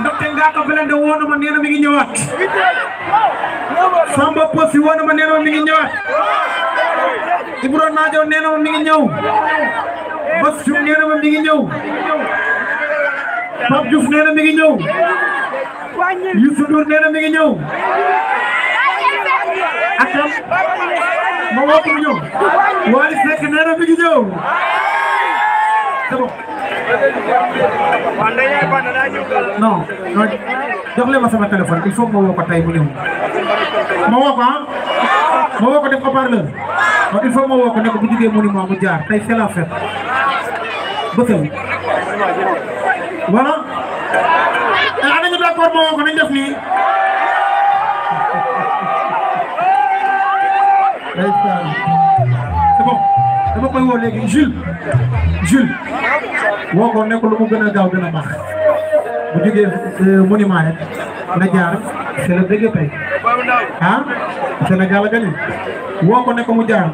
ndaxte Ngaaka Blindé woo na nee na mi ngi ñëwaat Samba Posi woo na ma nee na mi ngi ñëwaat Ibro Naajo nee na mi ngi ñëw Bas Diouf nee na mi ngi ñëw Pape Diouf nee na mi ngi ñëw Youssou Ndour nee na mi ngi ñëw akam ma woo ko mu ñëw Waly nee na mi ngi ñëw non non jox leen ma sama téléphone il faut que ma woo ko tey bu ñëw ma woo ko ah ma woo ko def ko parleur non il faut que ma woo ko ne ko bu jugee monument mu jaar tey c'est la fête ba teew voilà ah eh, nañu d'accord ma woo ko nañu def nii. Thank you. dama koy woo léegi Jules Jules woo ko ne ko lu mu gën a gaaw gën a baax bu jógee euh, monument rek na jaar c'est le dëgg tey ah a gagné woo ko ne mu jaar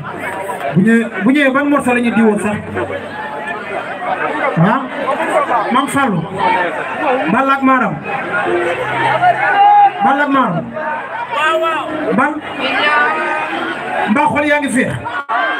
bu ñëwee bu ñëwee ban morceau la ñuy diwoon sax ah Mame Fallou Balla ak ban mbaa xol yaa ngi féex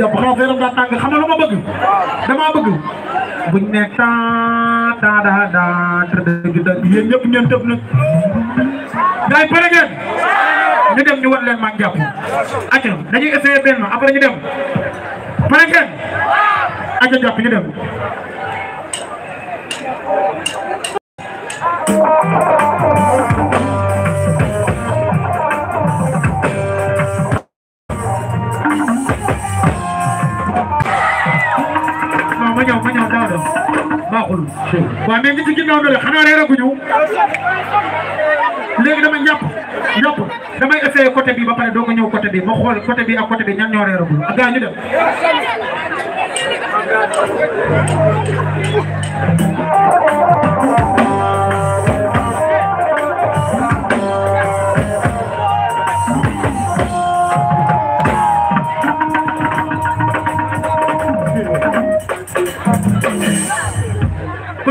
jàpp xaw ma yaram daa tàng xam nga lu ma bëgg damaa bëgg buñ ne taa taa daa daa tëdd da yéen ñëpp ngeen tëb nag gars yi pare ngeen ñu dem ñu war leen maa ngi jàpp acca dañuy essayer benn après ñu dem pare ngeen acca jàpp ñu dem ma ñëw ma ñëw daaw da baaxul waaw mais ngi ci ginnaaw bi la xanaa reer aguñu léegi dama ñàpp ñàpp damay essayé côté bi ba pare doo ko ñëw côté bi ma xool côté bi ak côté bi ñan ñoo reer aguñu ak gaa ñu dem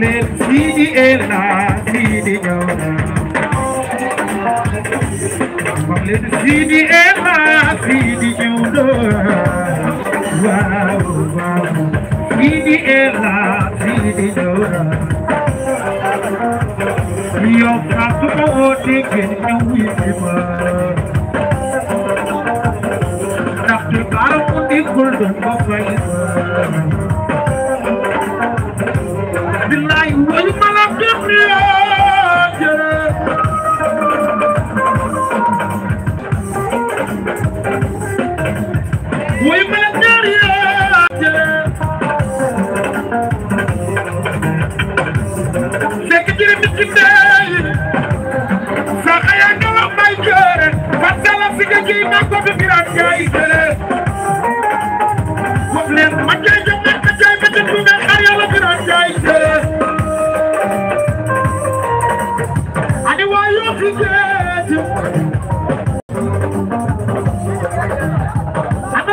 len sidi elna sidi jawna mam len sidi elna sidi jawna waaw waaw sidi elna sidi jawna yo ka to o de gen nyawi ma ndax te baro ko di gol don ko fay Mwen mwen mwen mwen mwen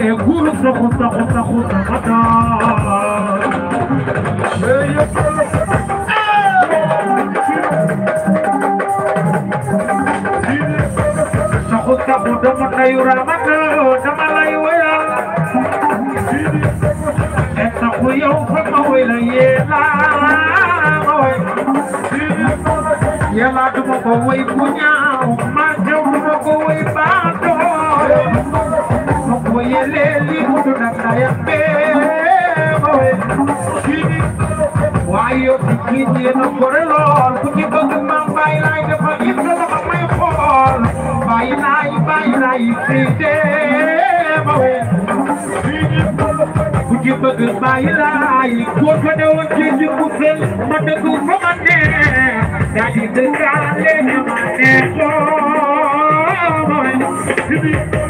يقول صخو صخو صخو صخو aku dama kayu ramaka dama lay waya eta ku yow fa ma way la ye la way ye la duma ko way ku ñaaw ma Why you thinking you know for a o Put your o in my like the fucking brother of my fall. By night, by night, see o que Put your tongue in my like, what for the one kid you could sell, but the good woman That is the kind of my nation.